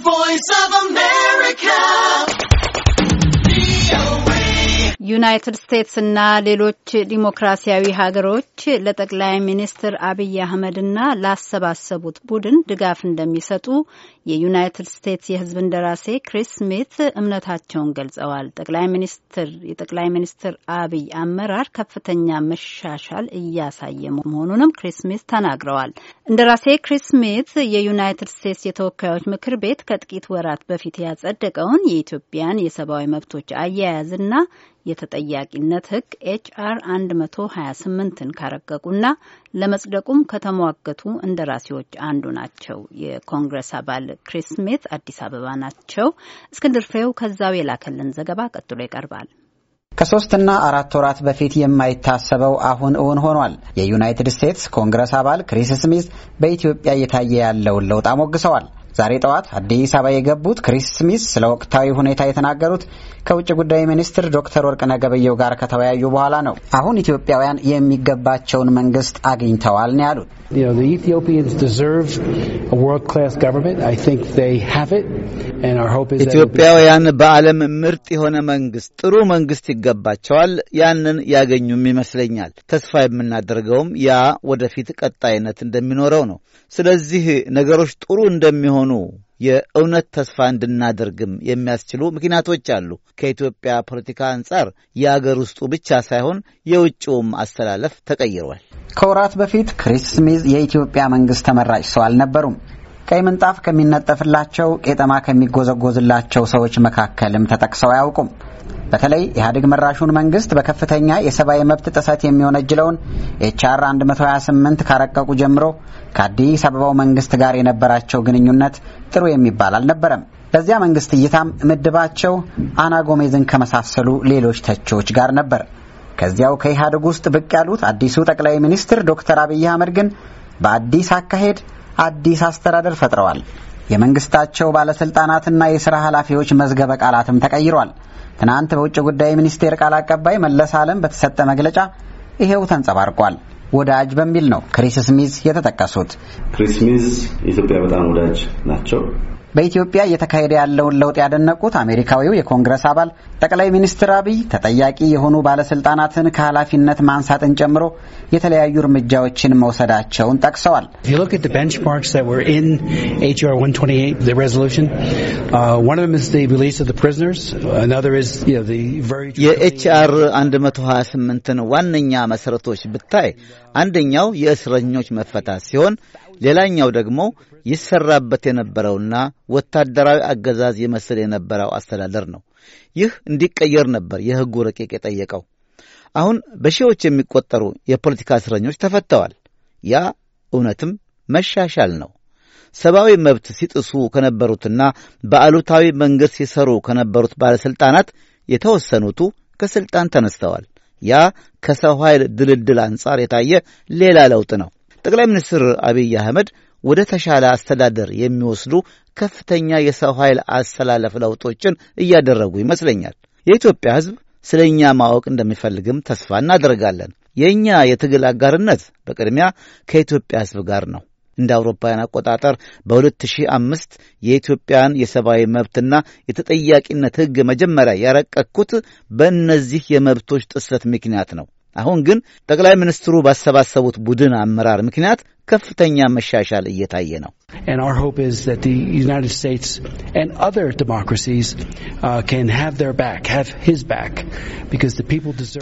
voice of a man. ዩናይትድ ስቴትስና ሌሎች ዲሞክራሲያዊ ሀገሮች ለጠቅላይ ሚኒስትር አብይ አህመድና ላሰባሰቡት ቡድን ድጋፍ እንደሚሰጡ የዩናይትድ ስቴትስ የሕዝብ እንደራሴ ክሪስ ስሚት እምነታቸውን ገልጸዋል። ጠቅላይ ሚኒስትር የጠቅላይ ሚኒስትር አብይ አመራር ከፍተኛ መሻሻል እያሳየ መሆኑንም ክሪስ ስሚት ተናግረዋል። እንደራሴ ክሪስ ስሚት የዩናይትድ ስቴትስ የተወካዮች ምክር ቤት ከጥቂት ወራት በፊት ያጸደቀውን የኢትዮጵያን የሰብአዊ መብቶች አያያዝና የተጠያቂነት ህግ ኤችአር 128ን ካረቀቁና ለመጽደቁም ከተሟገቱ እንደራሴዎች አንዱ ናቸው። የኮንግረስ አባል ክሪስ ስሚት አዲስ አበባ ናቸው። እስክንድር ፍሬው ከዛው የላከልን ዘገባ ቀጥሎ ይቀርባል። ከሶስትና አራት ወራት በፊት የማይታሰበው አሁን እውን ሆኗል። የዩናይትድ ስቴትስ ኮንግረስ አባል ክሪስ ስሚዝ በኢትዮጵያ እየታየ ያለውን ለውጥ አሞግሰዋል። ዛሬ ጠዋት አዲስ አበባ የገቡት ክሪስ ስሚስ ስለ ወቅታዊ ሁኔታ የተናገሩት ከውጭ ጉዳይ ሚኒስትር ዶክተር ወርቅነህ ገበየሁ ጋር ከተወያዩ በኋላ ነው። አሁን ኢትዮጵያውያን የሚገባቸውን መንግስት አግኝተዋል ነው ያሉት። ኢትዮጵያውያን በዓለም ምርጥ የሆነ መንግስት፣ ጥሩ መንግስት ይገባቸዋል። ያንን ያገኙም ይመስለኛል። ተስፋ የምናደርገውም ያ ወደፊት ቀጣይነት እንደሚኖረው ነው። ስለዚህ ነገሮች ጥሩ እንደሚሆኑ በመሆኑ የእውነት ተስፋ እንድናደርግም የሚያስችሉ ምክንያቶች አሉ። ከኢትዮጵያ ፖለቲካ አንጻር የአገር ውስጡ ብቻ ሳይሆን የውጭውም አስተላለፍ ተቀይሯል። ከወራት በፊት ክሪስ ስሚዝ የኢትዮጵያ መንግስት ተመራጭ ሰው አልነበሩም። ቀይ ምንጣፍ ከሚነጠፍላቸው ቄጠማ ከሚጎዘጎዝላቸው ሰዎች መካከልም ተጠቅሰው አያውቁም። በተለይ ኢህአዴግ መራሹን መንግስት በከፍተኛ የሰብአዊ መብት ጥሰት የሚወነጅለውን ኤችአር 128 ካረቀቁ ጀምሮ ከአዲስ አበባው መንግስት ጋር የነበራቸው ግንኙነት ጥሩ የሚባል አልነበረም። በዚያ መንግስት እይታም ምድባቸው አና ጎሜዝን ከመሳሰሉ ሌሎች ተቺዎች ጋር ነበር። ከዚያው ከኢህአዴግ ውስጥ ብቅ ያሉት አዲሱ ጠቅላይ ሚኒስትር ዶክተር አብይ አህመድ ግን በአዲስ አካሄድ አዲስ አስተዳደር ፈጥረዋል። የመንግስታቸው ባለስልጣናትና የስራ ኃላፊዎች መዝገበ ቃላትም ተቀይሯል። ትናንት በውጭ ጉዳይ ሚኒስቴር ቃል አቀባይ መለስ ዓለም በተሰጠ መግለጫ ይሄው ተንጸባርቋል። ወዳጅ በሚል ነው ክሪስ ስሚዝ የተጠቀሱት። ክሪስ ስሚዝ ኢትዮጵያ በጣም ወዳጅ ናቸው። በኢትዮጵያ እየተካሄደ ያለውን ለውጥ ያደነቁት አሜሪካዊው የኮንግረስ አባል ጠቅላይ ሚኒስትር አብይ ተጠያቂ የሆኑ ባለስልጣናትን ከኃላፊነት ማንሳትን ጨምሮ የተለያዩ እርምጃዎችን መውሰዳቸውን ጠቅሰዋል። uh, የኤችአር 128ን ዋነኛ መሰረቶች ብታይ አንደኛው የእስረኞች መፈታት ሲሆን ሌላኛው ደግሞ ይሰራበት የነበረውና ወታደራዊ አገዛዝ ይመስል የነበረው አስተዳደር ነው። ይህ እንዲቀየር ነበር የሕጉ ረቂቅ የጠየቀው። አሁን በሺዎች የሚቆጠሩ የፖለቲካ እስረኞች ተፈተዋል። ያ እውነትም መሻሻል ነው። ሰብአዊ መብት ሲጥሱ ከነበሩትና በአሉታዊ መንገድ ሲሰሩ ከነበሩት ባለሥልጣናት የተወሰኑቱ ከሥልጣን ተነስተዋል። ያ ከሰው ኃይል ድልድል አንጻር የታየ ሌላ ለውጥ ነው። ጠቅላይ ሚኒስትር አብይ አህመድ ወደ ተሻለ አስተዳደር የሚወስዱ ከፍተኛ የሰው ኃይል አሰላለፍ ለውጦችን እያደረጉ ይመስለኛል። የኢትዮጵያ ሕዝብ ስለ እኛ ማወቅ እንደሚፈልግም ተስፋ እናደርጋለን። የእኛ የትግል አጋርነት በቅድሚያ ከኢትዮጵያ ሕዝብ ጋር ነው። እንደ አውሮፓውያን አቆጣጠር በ2005 የኢትዮጵያን የሰብአዊ መብትና የተጠያቂነት ሕግ መጀመሪያ ያረቀቅኩት በእነዚህ የመብቶች ጥሰት ምክንያት ነው። አሁን ግን ጠቅላይ ሚኒስትሩ ባሰባሰቡት ቡድን አመራር ምክንያት ከፍተኛ መሻሻል እየታየ ነው። uh,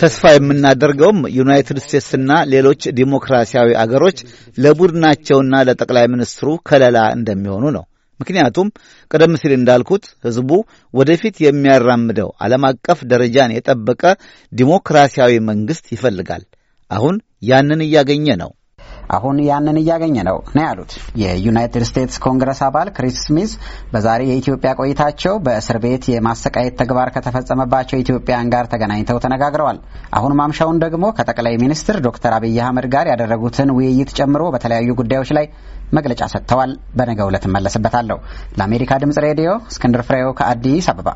ተስፋ የምናደርገውም ዩናይትድ ስቴትስና ሌሎች ዲሞክራሲያዊ አገሮች ለቡድናቸውና ለጠቅላይ ሚኒስትሩ ከለላ እንደሚሆኑ ነው። ምክንያቱም ቀደም ሲል እንዳልኩት ህዝቡ ወደፊት የሚያራምደው ዓለም አቀፍ ደረጃን የጠበቀ ዲሞክራሲያዊ መንግሥት ይፈልጋል። አሁን ያንን እያገኘ ነው። አሁን ያንን እያገኘ ነው ነው ያሉት። የዩናይትድ ስቴትስ ኮንግረስ አባል ክሪስ ስሚዝ በዛሬ የኢትዮጵያ ቆይታቸው በእስር ቤት የማሰቃየት ተግባር ከተፈጸመባቸው ኢትዮጵያን ጋር ተገናኝተው ተነጋግረዋል። አሁን ማምሻውን ደግሞ ከጠቅላይ ሚኒስትር ዶክተር አብይ አህመድ ጋር ያደረጉትን ውይይት ጨምሮ በተለያዩ ጉዳዮች ላይ መግለጫ ሰጥተዋል። በነገው ዕለት እመለስበታለሁ። ለአሜሪካ ድምጽ ሬዲዮ እስክንድር ፍሬው ከአዲስ አበባ